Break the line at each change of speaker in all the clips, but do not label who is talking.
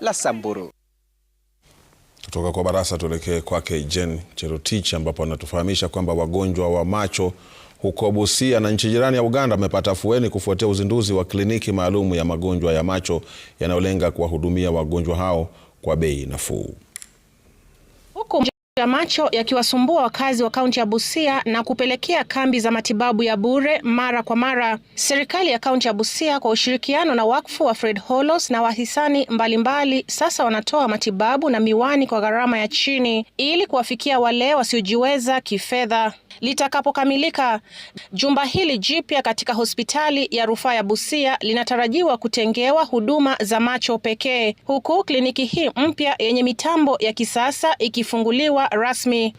la Samburu.
Kutoka kwa Barasa tuelekee kwake Jen Cherotich ambapo anatufahamisha kwamba wagonjwa wa macho huko Busia na nchi jirani ya Uganda wamepata afueni kufuatia uzinduzi wa kliniki maalum ya magonjwa ya macho yanayolenga kuwahudumia wagonjwa hao kwa bei nafuu
ya macho yakiwasumbua wakazi wa kaunti ya Busia na kupelekea kambi za matibabu ya bure mara kwa mara. Serikali ya kaunti ya Busia kwa ushirikiano na wakfu wa Fred Hollows na wahisani mbalimbali sasa wanatoa matibabu na miwani kwa gharama ya chini ili kuwafikia wale wasiojiweza kifedha. Litakapokamilika, jumba hili jipya katika hospitali ya rufaa ya Busia linatarajiwa kutengewa huduma za macho pekee, huku kliniki hii mpya yenye mitambo ya kisasa ikifunguliwa rasmi.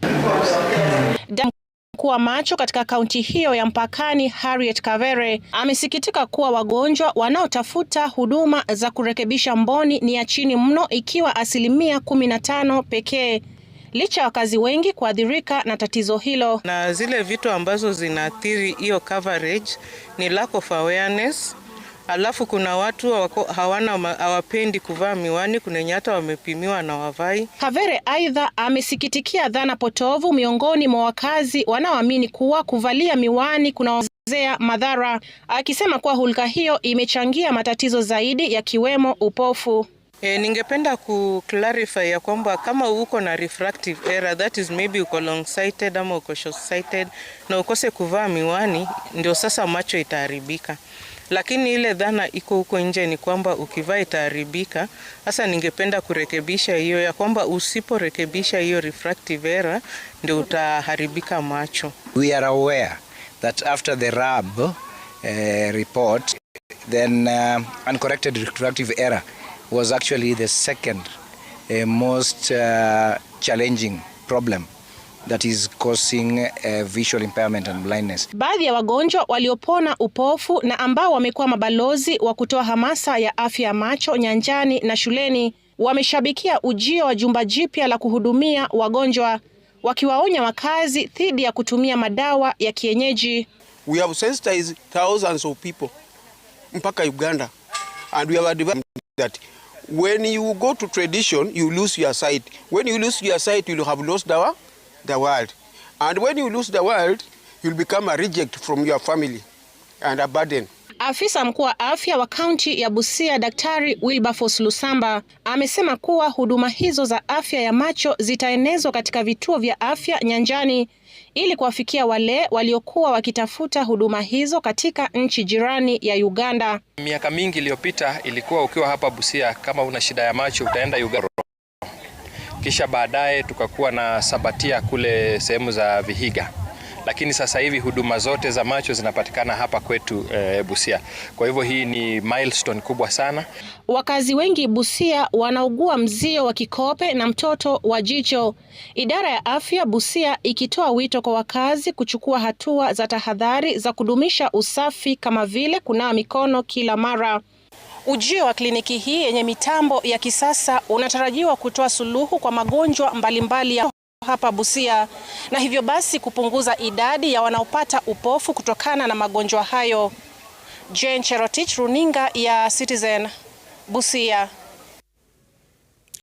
Mkuu wa macho katika kaunti hiyo ya mpakani Harriet Kavere amesikitika kuwa wagonjwa wanaotafuta huduma za kurekebisha mboni ni ya chini mno, ikiwa asilimia kumi na tano pekee licha ya wakazi wengi kuadhirika na tatizo hilo.
Na zile vitu ambazo zinaathiri hiyo coverage ni lack of awareness, alafu kuna watu wako, hawana hawapendi kuvaa miwani, kuna wenye hata wamepimiwa na wavai.
Kavere aidha amesikitikia dhana potovu miongoni mwa wakazi wanaoamini kuwa kuvalia miwani kuna madhara akisema kuwa hulka hiyo imechangia matatizo zaidi yakiwemo upofu.
E, ningependa ku clarify ya kwamba kama uko na refractive error that is maybe uko long sighted ama uko short sighted na ukose kuvaa miwani, ndio sasa macho itaharibika, lakini ile dhana iko huko nje ni kwamba ukivaa itaharibika. Sasa ningependa kurekebisha hiyo ya kwamba usiporekebisha hiyo refractive error ndio utaharibika macho.
We are aware that after the RAB uh, eh, report then uh, uncorrected refractive error was actually the second uh, most uh, challenging problem that is causing uh, visual impairment and blindness.
Baadhi ya wagonjwa waliopona upofu na ambao wamekuwa mabalozi wa kutoa hamasa ya afya ya macho nyanjani na shuleni wameshabikia ujio wa jumba jipya la kuhudumia wagonjwa wakiwaonya wakazi dhidi ya kutumia madawa ya kienyeji.
We have sensitized thousands of people mpaka Uganda and we have that When you go to tradition, you lose your sight. When you lose your sight, you'll have lost the, the world. And when you lose the world, you'll become a reject from your family and a burden.
Afisa mkuu wa afya wa kaunti ya Busia, Daktari Wilberforce Lusamba amesema kuwa huduma hizo za afya ya macho zitaenezwa katika vituo vya afya nyanjani ili kuwafikia wale waliokuwa wakitafuta huduma hizo katika nchi jirani ya Uganda.
Miaka mingi iliyopita ilikuwa ukiwa hapa Busia kama una shida ya macho utaenda Uganda. Kisha baadaye tukakuwa na Sabatia kule sehemu za Vihiga lakini sasa hivi huduma zote za macho zinapatikana hapa kwetu eh, Busia. Kwa hivyo hii ni milestone kubwa sana.
Wakazi wengi Busia wanaugua mzio wa kikope na mtoto wa jicho. Idara ya afya Busia ikitoa wito kwa wakazi kuchukua hatua za tahadhari za kudumisha usafi kama vile kunawa mikono kila mara. Ujio wa kliniki hii yenye mitambo ya kisasa unatarajiwa kutoa suluhu kwa magonjwa mbalimbali ya hapa Busia na hivyo basi kupunguza idadi ya wanaopata upofu kutokana na magonjwa hayo. Jane Cherotich, Runinga ya Citizen, Busia.